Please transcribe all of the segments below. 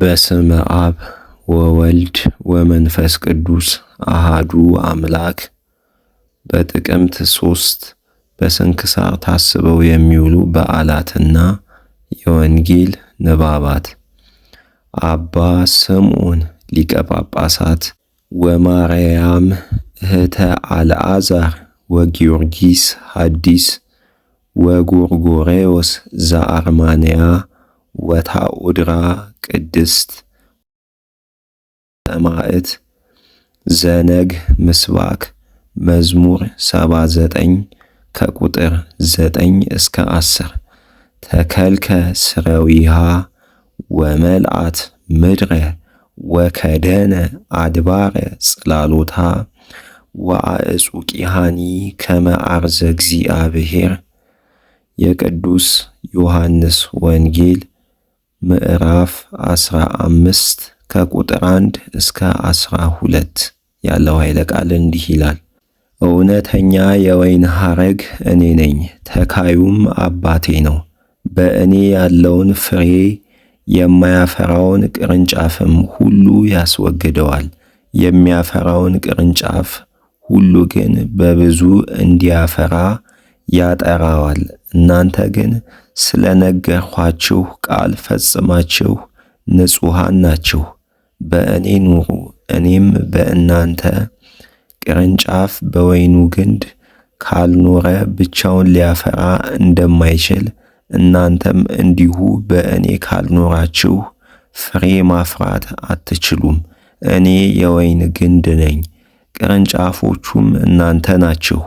በስመ አብ ወወልድ ወመንፈስ ቅዱስ አሃዱ አምላክ። በጥቅምት ሶስት በስንክሳር ታስበው የሚውሉ በዓላትና የወንጌል ንባባት አባ ስምዖን ሊቀ ጳጳሳት ወማርያም እህተ አልዓዛር ወጊዮርጊስ ሐዲስ ወጎርጎሬዎስ ዘአርማንያ ወታኡድራ ቅድስት ሰማዕት ዘነግ ምስባክ መዝሙር 79 ከቁጥር 9 እስከ 10 ተከልከ ስረዊሃ ወመልአት ምድረ ወከደነ አድባረ ጽላሎታ ወአዕጹቂሃኒ ከመ አርዘ እግዚአብሔር የቅዱስ ዮሐንስ ወንጌል ምዕራፍ 15 ከቁጥር 1 እስከ 12 ያለው ኃይለ ቃል እንዲህ ይላል። እውነተኛ የወይን ሐረግ እኔ ነኝ፣ ተካዩም አባቴ ነው። በእኔ ያለውን ፍሬ የማያፈራውን ቅርንጫፍም ሁሉ ያስወግደዋል። የሚያፈራውን ቅርንጫፍ ሁሉ ግን በብዙ እንዲያፈራ ያጠራዋል። እናንተ ግን ስለ ነገርኋችሁ ቃል ፈጽማችሁ ንጹሐን ናችሁ። በእኔ ኑሩ፣ እኔም በእናንተ። ቅርንጫፍ በወይኑ ግንድ ካልኖረ ብቻውን ሊያፈራ እንደማይችል እናንተም እንዲሁ በእኔ ካልኖራችሁ ፍሬ ማፍራት አትችሉም። እኔ የወይን ግንድ ነኝ፣ ቅርንጫፎቹም እናንተ ናችሁ።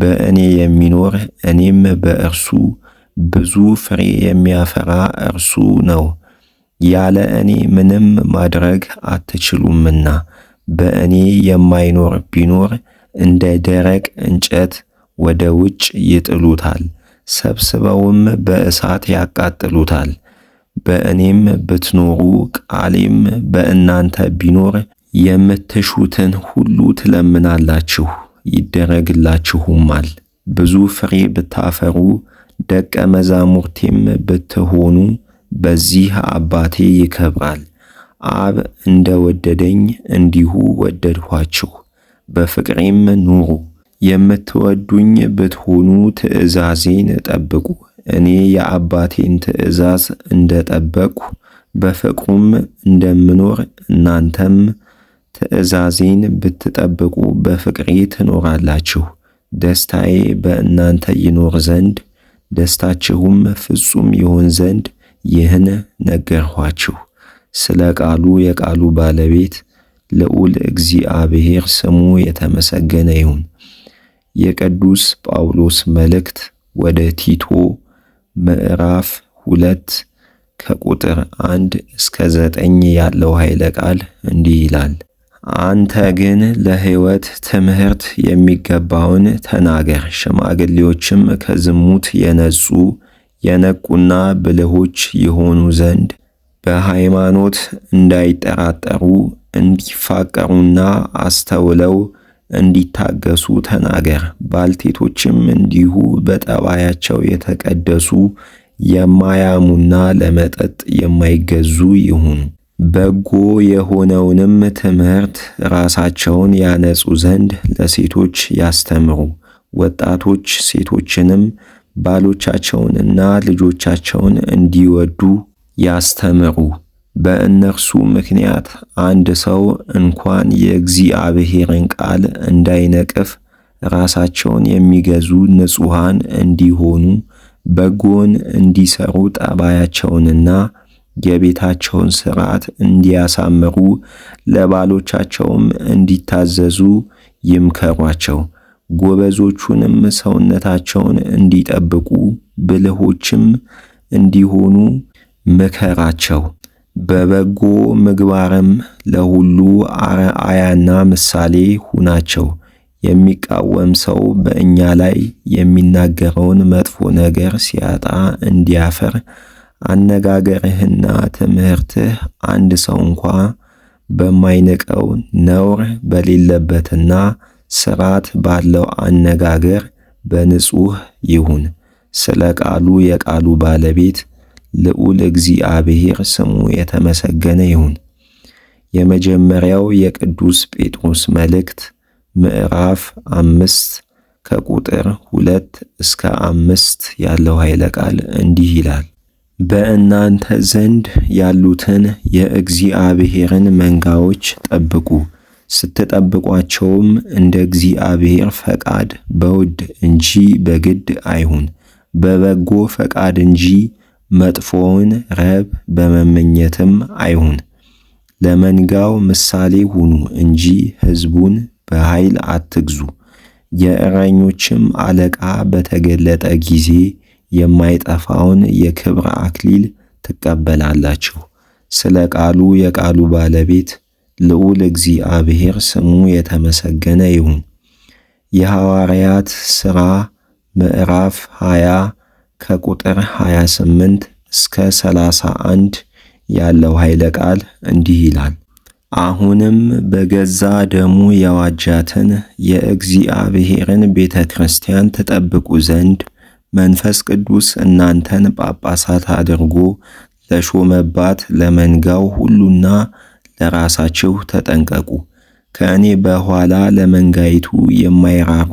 በእኔ የሚኖር እኔም በእርሱ ብዙ ፍሬ የሚያፈራ እርሱ ነው። ያለ እኔ ምንም ማድረግ አትችሉምና በእኔ የማይኖር ቢኖር እንደ ደረቅ እንጨት ወደ ውጭ ይጥሉታል፣ ሰብስበውም በእሳት ያቃጥሉታል። በእኔም ብትኖሩ ቃሌም በእናንተ ቢኖር የምትሹትን ሁሉ ትለምናላችሁ፣ ይደረግላችሁማል። ብዙ ፍሬ ብታፈሩ ደቀ መዛሙርቴም ብትሆኑ በዚህ አባቴ ይከብራል። አብ እንደ ወደደኝ እንዲሁ ወደድኋችሁ፣ በፍቅሬም ኑሩ። የምትወዱኝ ብትሆኑ ትእዛዜን ጠብቁ። እኔ የአባቴን ትእዛዝ እንደ ጠበቅሁ በፍቅሩም እንደምኖር እናንተም ትእዛዜን ብትጠብቁ በፍቅሬ ትኖራላችሁ። ደስታዬ በእናንተ ይኖር ዘንድ ደስታችሁም ፍጹም ይሆን ዘንድ ይህን ነገርኋችሁ። ስለ ቃሉ የቃሉ ባለቤት ልዑል እግዚአብሔር ስሙ የተመሰገነ ይሁን። የቅዱስ ጳውሎስ መልእክት ወደ ቲቶ ምዕራፍ ሁለት ከቁጥር አንድ እስከ ዘጠኝ ያለው ኃይለ ቃል እንዲህ ይላል። አንተ ግን ለሕይወት ትምህርት የሚገባውን ተናገር። ሽማግሌዎችም ከዝሙት የነጹ የነቁና ብልሆች የሆኑ ዘንድ በሃይማኖት እንዳይጠራጠሩ እንዲፋቀሩና አስተውለው እንዲታገሱ ተናገር። ባልቴቶችም እንዲሁ በጠባያቸው የተቀደሱ የማያሙና ለመጠጥ የማይገዙ ይሁን። በጎ የሆነውንም ትምህርት ራሳቸውን ያነጹ ዘንድ ለሴቶች ያስተምሩ። ወጣቶች ሴቶችንም ባሎቻቸውንና ልጆቻቸውን እንዲወዱ ያስተምሩ። በእነርሱ ምክንያት አንድ ሰው እንኳን የእግዚአብሔርን ቃል እንዳይነቅፍ ራሳቸውን የሚገዙ ንጹሐን እንዲሆኑ በጎን እንዲሰሩ ጠባያቸውንና የቤታቸውን ስርዓት እንዲያሳምሩ ለባሎቻቸውም እንዲታዘዙ ይምከሯቸው። ጎበዞቹንም ሰውነታቸውን እንዲጠብቁ ብልሆችም እንዲሆኑ ምከራቸው። በበጎ ምግባርም ለሁሉ አርአያና ምሳሌ ሁናቸው። የሚቃወም ሰው በእኛ ላይ የሚናገረውን መጥፎ ነገር ሲያጣ እንዲያፈር አነጋገርህና ትምህርትህ አንድ ሰው እንኳ በማይንቀው ነውር በሌለበትና ሥርዓት ባለው አነጋገር በንጹህ ይሁን። ስለ ቃሉ የቃሉ ባለቤት ልዑል እግዚአብሔር ስሙ የተመሰገነ ይሁን። የመጀመሪያው የቅዱስ ጴጥሮስ መልእክት ምዕራፍ አምስት ከቁጥር ሁለት እስከ አምስት ያለው ኃይለ ቃል እንዲህ ይላል። በእናንተ ዘንድ ያሉትን የእግዚአብሔርን መንጋዎች ጠብቁ። ስትጠብቋቸውም እንደ እግዚአብሔር ፈቃድ በውድ እንጂ በግድ አይሁን፣ በበጎ ፈቃድ እንጂ መጥፎውን ረብ በመመኘትም አይሁን። ለመንጋው ምሳሌ ሁኑ እንጂ ሕዝቡን በኃይል አትግዙ። የእረኞችም አለቃ በተገለጠ ጊዜ የማይጠፋውን የክብር አክሊል ትቀበላላችሁ። ስለ ቃሉ የቃሉ ባለቤት ልዑል እግዚአብሔር ስሙ የተመሰገነ ይሁን። የሐዋርያት ሥራ ምዕራፍ 20 ከቁጥር 28 እስከ 31 ያለው ኃይለ ቃል እንዲህ ይላል። አሁንም በገዛ ደሙ የዋጃትን የእግዚአብሔርን ቤተ ክርስቲያን ትጠብቁ ዘንድ መንፈስ ቅዱስ እናንተን ጳጳሳት አድርጎ ለሾመባት ለመንጋው ሁሉና ለራሳችሁ ተጠንቀቁ። ከእኔ በኋላ ለመንጋይቱ የማይራሩ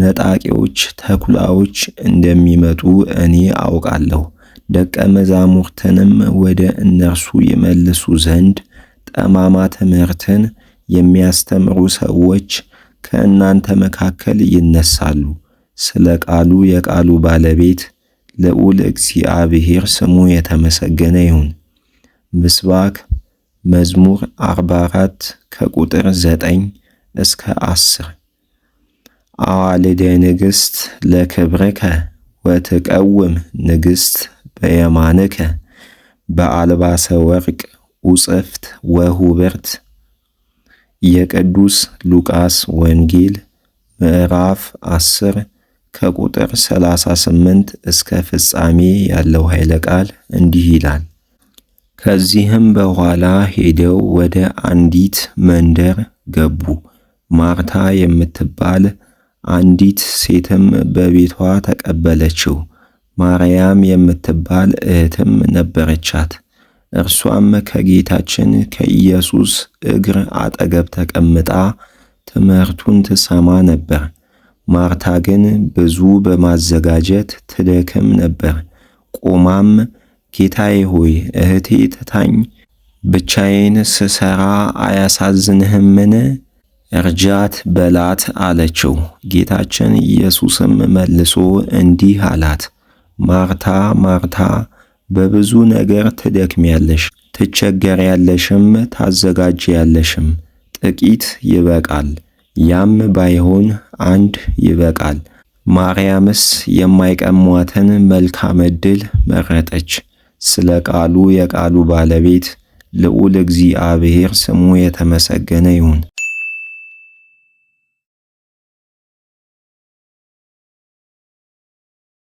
ነጣቂዎች፣ ተኩላዎች እንደሚመጡ እኔ አውቃለሁ። ደቀ መዛሙርትንም ወደ እነርሱ ይመልሱ ዘንድ ጠማማ ትምህርትን የሚያስተምሩ ሰዎች ከእናንተ መካከል ይነሳሉ። ስለ ቃሉ የቃሉ ባለቤት ልዑል እግዚአብሔር ስሙ የተመሰገነ ይሁን። ምስባክ መዝሙር 44 ከቁጥር 9 እስከ 10 አዋልደ ንግሥት ለክብርከ ወትቀውም ንግሥት በየማንከ በአልባሰ ወርቅ ውጽፍት ወሁብርት። የቅዱስ ሉቃስ ወንጌል ምዕራፍ 10 ከቁጥር 38 እስከ ፍጻሜ ያለው ኃይለ ቃል እንዲህ ይላል። ከዚህም በኋላ ሄደው ወደ አንዲት መንደር ገቡ። ማርታ የምትባል አንዲት ሴትም በቤቷ ተቀበለችው። ማርያም የምትባል እህትም ነበረቻት። እርሷም ከጌታችን ከኢየሱስ እግር አጠገብ ተቀምጣ ትምህርቱን ትሰማ ነበር። ማርታ ግን ብዙ በማዘጋጀት ትደክም ነበር። ቆማም ጌታዬ ሆይ እህቴ ትታኝ ብቻዬን ስሰራ አያሳዝንህምን? እርጃት በላት አለችው። ጌታችን ኢየሱስም መልሶ እንዲህ አላት፣ ማርታ ማርታ በብዙ ነገር ትደክሚያለሽ፣ ትቸገሪያለሽም፣ ታዘጋጅያለሽም፣ ጥቂት ይበቃል። ያም ባይሆን አንድ ይበቃል። ማርያምስ የማይቀሟትን መልካም ዕድል መረጠች። ስለ ቃሉ የቃሉ ባለቤት ልዑል እግዚአብሔር ስሙ የተመሰገነ ይሁን።